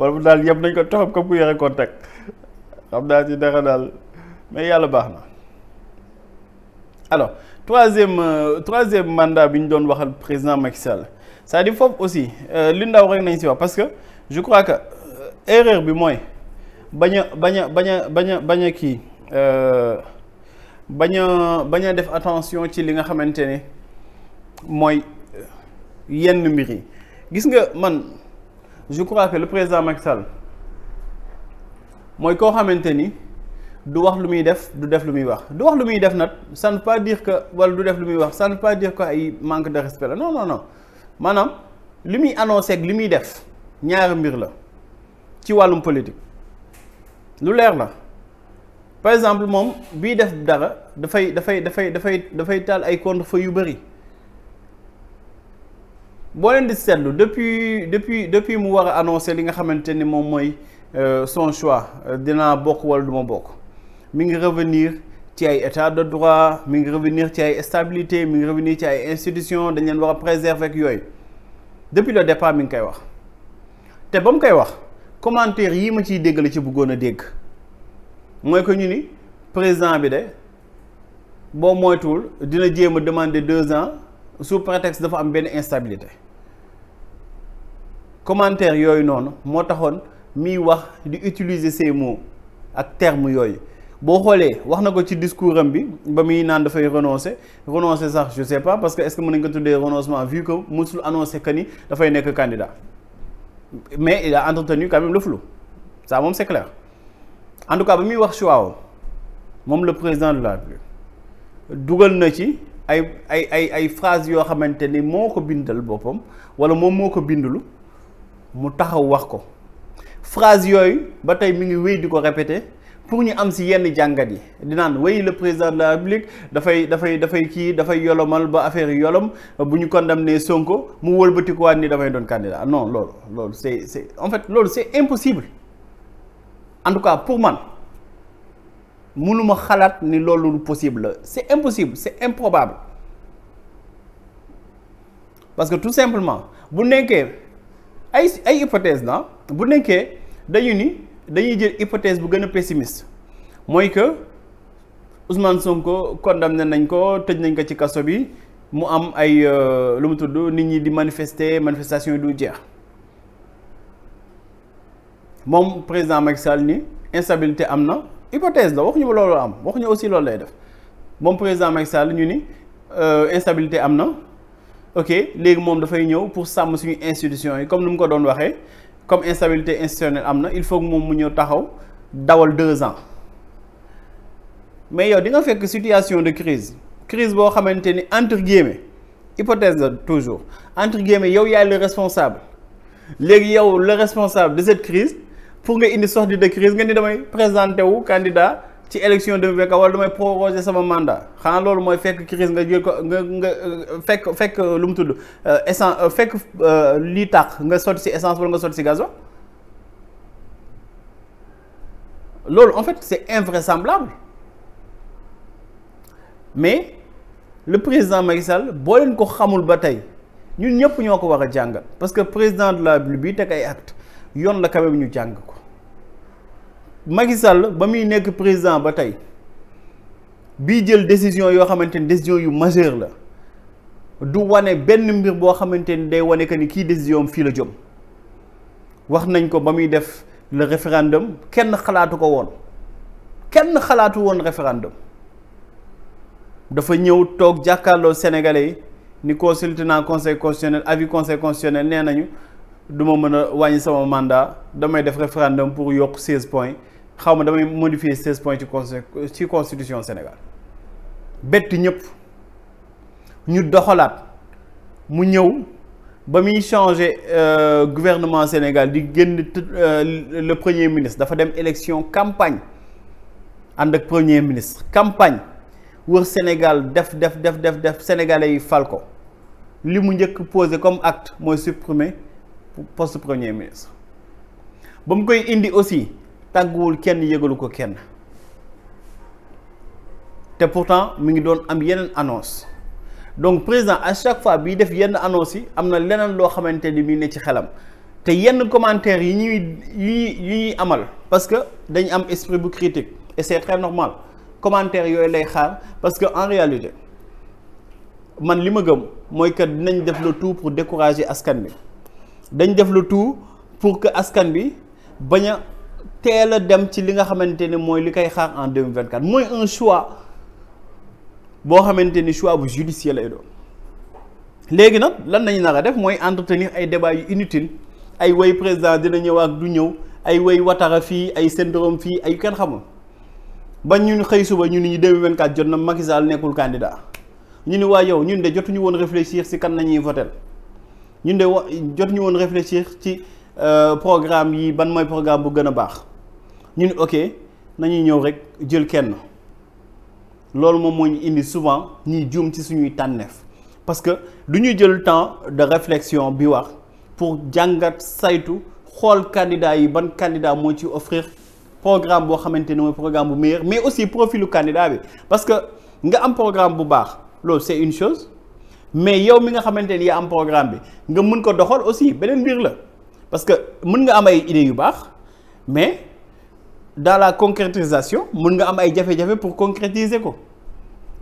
wala bu daal yëpp nañ ko toxam comme ku yore contact xam naa ci dara daal mais yàlla baax na alors troisième euh, troisième mandat bi ñu doon waxal président Macky saa c'est-à-dire foofu aussi euh, li ndaw rek nañ si wax parce que je crois que euh, erreur bi mooy bañ a bañ a bañ a bañ a bañ a kii bañ bañ a def attention ci li nga xamante ne mooy yenn mbir yi gis nga man je crois que le président Macky Sall mooy koo xamante ni du wax lu muy def du def lu muy wax du wax lu muy def nag ça ne veut pas dire que wala du def lu muy wax ça ne veut pas ay manque de respect la non non non maanaam li muy annoncé ak li muy def ñaari mbir la ci wàllum politique lu leer la par exemple moom bii def dara dafay dafay dafay dafay dafay taal ay contre-feu yu bëri. boo leen di seetlu depuis depuis depuis mu war a annoncé li nga xamante ni moom mooy euh, son choix euh, dina bokk wala du ma bokk mi ngi revenir ci ay état de droit mi ngi revenir ci ay stabilité mi ngi revenir ci ay institution dañ leen war a préserver ak yooyu depuis le départ mi ngi koy wax te ba mu koy wax commentaire yii ma ciy dégg la ci bëggoon a dégg mooy que ñu ni président bi de boo moytuwul dina jéem a demander deux ans sous prétexte dafa am benn instabilité commentaire yooyu noonu moo taxoon miy wax di utiliser ces mots ak termes yooyu boo xoolee wax na ko ci discours am bi ba muy naan dafay renoncer renoncer sax je sais pas parce que est-ce que mën nañ ko tuddee renoncement vu que musul annoncé que ni dafay nekk candidat mais il a entretenu quand même le moom c'est clair en tout cas ba muy wax choix moom le président de la République dugal na ci ay ay ay ay phrase yoo xamante ni moo ko bindal boppam wala moom moo ko bindulu mu taxaw wax ko phrase yooyu ba tey mu ngi wéy di ko répété pour ñu am si yenn jàngat yi di naan wéy le président de la république dafay dafay dafay kii dafay yolomal ba affaire yolom bu ñu ne Sonko mu wëlbatikuwaat ni dafay doon candidat non loolu loolu c'est c'est en fait loolu c'est impossible en tout cas pour man mënuma xalaat ni loolu possible la est impossible c' est parce que tout simplement bu nekkee ay ay hypothèse la bu nekkee dañu ni dañuy jël hypothèse bu gën a pessimiste mooy que Ousmane Sonko condamné nañ ko tëj nañ ko ci kaso bi mu am ay euh, lu mu tudd nit ñi di manifester manifestation yi du jeex moom président Macky Sall ni instabilité am na. hypothèse la waxuñu loolu am waxuñu aussi loolu lay def moom président Macky Sall ñu ni euh, instabilité am na ok léegi moom dafay ñëw pour sàmm suñu institution yi comme ni mu ko doon waxee comme instabilité institutionnelle am na il faut moom mu ñëw taxaw dawal deux ans mais yow di fekk situation de crise crise boo xamante ni entre guillemets hypothèse la toujours entre guillemets yow yaay le responsable léegi yow le responsable de cette crise pour nga indi sortie de crise nga ni damay présenté wu candidat ci élection de veka wala damay proroger sama mandat xanaa loolu mooy fekk crise nga jël ko nga nga euh, fekk fekk euh, lu mu tudd euh, essence fekk lii tàq nga sotti si essence wala nga sotti si gasoil loolu en fait c'est invraisemblable mais le président Macky boo leen ko xamul ba tey ñun ñëpp ñoo ko war a jàngal parce que président de la République bi teg ay acte yoon la quand ñu jàng ko Macky Sall ba muy nekk président ba tey bii jël décision yoo xamante ni décision yu majeure la du wane benn mbir boo xamante ni day wane que ni kii décision fii la jom wax nañ ko ba muy def le référendum kenn xalaatu ko woon kenn xalaatu woon référendum dafa ñëw toog jàkkaarloo sénégalais ni consulté naa conseil constitutionnel avis conseil constitutionnel nee nañu du ma mën a wàññi sama mandat damay def référendum pour yokk 16 point xaw ma damay modifier 16 points ci ci constitution Sénégal bett ñëpp ñu doxalaat mu ñëw ba muy changer euh, gouvernement Sénégal di génn euh, le premier ministre dafa dem élection campagne ànd ak premier ministre campagne wër Sénégal def def def def def sénégalais yi fal ko li mu njëkk posé comme acte mooy supprimer. poste premier ministre ba mu koy indi aussi tàgguwul kenn yëgalu ko kenn te pourtant mu ngi doon am yeneen annonce donc président à chaque fois bi def yenn annonce yi am na leneen loo xamante ni mi ne ci xelam te yenn commentaires yi ñuy yi ñuy amal parce que dañu am esprit bu critique et c'est très normal commentaires yooyu lay xaar parce que en réalité man li ma gëm mooy que dinañ def le tout pour décourager askan bi dañ def le tout pour que askan bi bañ a teel a dem ci li nga xamante ne mooy li koy xaar en 2024 mooy un choix boo xamante ni choix bu judicieux lay doon léegi nag lan nañu nar a def mooy entretenir ay débats yu inutile ay way président dina ñëw ak du ñëw ay way watara fii ay syndrome fii ay kenn xamul ba ñun xëy suba ñu ni ñu 2024 jot na Macky Sall nekkul candidat ñu ni waa yow ñun de jotuñu woon réfléchir si kan nañuy voter ñun de wa jot ñu woon réfléchir ci euh, programme yi ban mooy programme bu gën a baax ñu ñun ok nañuy ñëw rek jël kenn loolu moom moo ñu indi souvent ñuy jum ci suñuy tànneef parce que du ñu jël temps de réflexion bi wax pour jàngat saytu xool candidat yi ban candidat moo ci offrir programme boo xamante ne mooy programme bu meilleur mais aussi profilu candidat bi parce que nga am programme bu baax loolu c'est une chose mais yow mi nga xamante ni yaa am programme bi nga mën ko doxal aussi beneen biir la parce que mën nga am ay idées yu baax mais dans la concrétisation mun nga am ay jafe-jafe pour concrétiser ko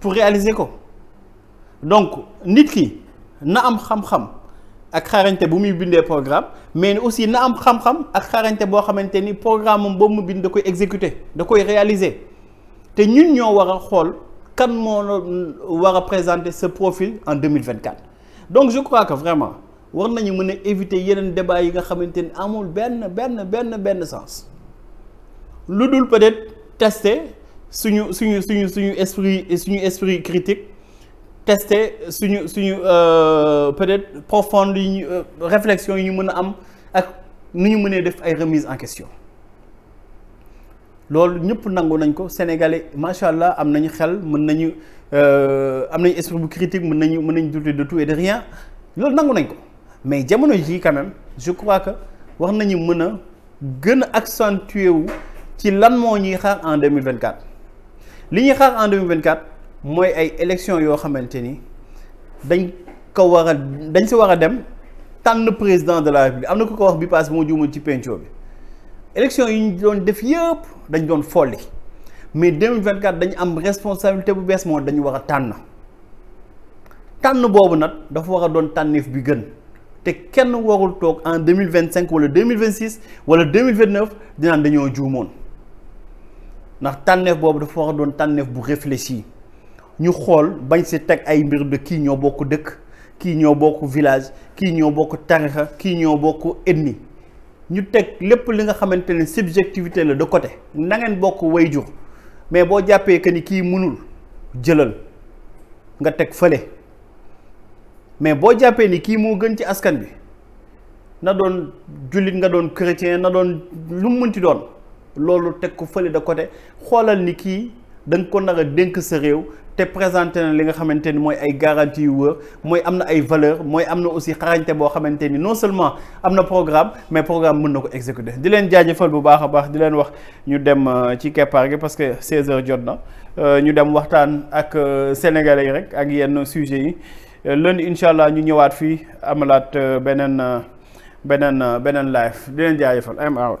pour réaliser ko donc nit ki na am xam-xam ak xarañte bu muy bindee programme mais ne aussi na am xam-xam ak xarañte boo xamante ni programme moom boobu mu bind da koy exécuter da koy réaliser te ñun ñoo war a xool. kan moo la war a présenter ce profil en 2024 donc je crois que vraiment war nañu mën a éviter yeneen débat yi nga xamante ni amul benn benn benn benn sens lu dul peut-être tester suñu suñu suñu suñu esprit suñu esprit critique tester suñu suñu euh, peut-être profonde yi ñu euh, réflexion yi ñu mën a am ak nu ñu mënee def ay remise en question loolu ñëpp nangu nañ ko sénégalais macha allah am nañu xel mën nañu euh, am nañu esprit bu critique mën nañu mën nañu douter de tout et rien loolu nangu nañ ko mais jamono jii quand je crois que wax nañu mën a gën a accentuer wu ci lan moo ñuy xaar en 2024 li ñuy xaar en 2024 mooy ay élections yoo xamante ni dañ ko war dañ si war a dem tànn président de la république am na ku ko wax bi passe moo juumul ci penco bi élection yi ñu doon def yëpp dañ doon folli mais vingt 2024 dañu am responsabilité bu bees moo dañu war a tànn tànn boobu nag dafa wax a doon tànneef bi gën te kenn warul toog en mille 2025 wala 2026 wala 2029 dinaan dañoo juumoon ndax tànneef boobu dafa war a doon tànneef bu réfléchi ñu xool bañ si teg ay mbir de kii ñoo bokk dëkk kii ñoo bokk village kii ñoo bokk tarixa kii ñoo bokk ethnie ñu teg lépp li nga xamante ne subjectivité la de côté na bokk way jur mais boo jàppee que ni kii munul jëlal nga teg fële mais boo jàppee ni kii moo gën ci askan bi na doon jullit nga doon chrétien na doon lu mu mënti doon loolu teg ko fële de côté xoolal ni kii da nga ko nar a dénk sa réew te présenté na li nga xamante ni mooy ay garantie yu wër mooy am na ay valeur mooy am na aussi xarañte boo xamante ni non seulement am na programme mais programme mën na ko exécuter di leen jaajëfal bu baax a baax di leen wax ñu dem euh, ci keppaar gi parce que 16 heures jot na euh, ñu dem waxtaan ak euh, sénégalais yi rek ak yenn sujets yi lundi incha allah ñu ñëwaat fii amalaat beneen beneen beneen live di leen jaajëfal I'm out.